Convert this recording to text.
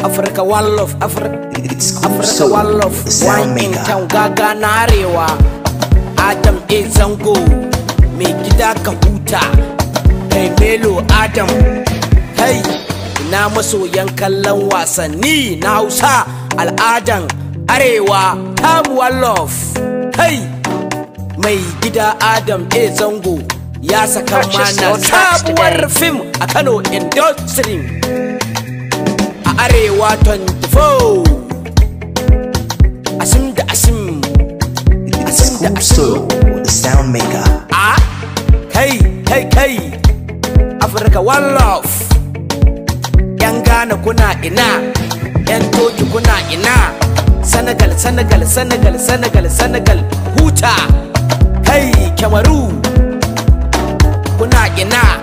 Afirka Wallof, Afirka Wallof, wine in town gaga na arewa. Adam A. Zango, mai gida ka huta, kai Melo Adam, kai na masoyan kallon wasanni na Hausa al'adan arewa, Tam Wallof, kai mai gida Adam A. Zango. ya saka mana sabuwar fim a Kano Industry a Arewa 24 Asim da Asim Asim da Asim the sound maker a kai kai kai Africa one love yan Ghana kuna ina yan Toki kuna ina Senegal Senegal Senegal Senegal Senegal huta kai Kamaru and out.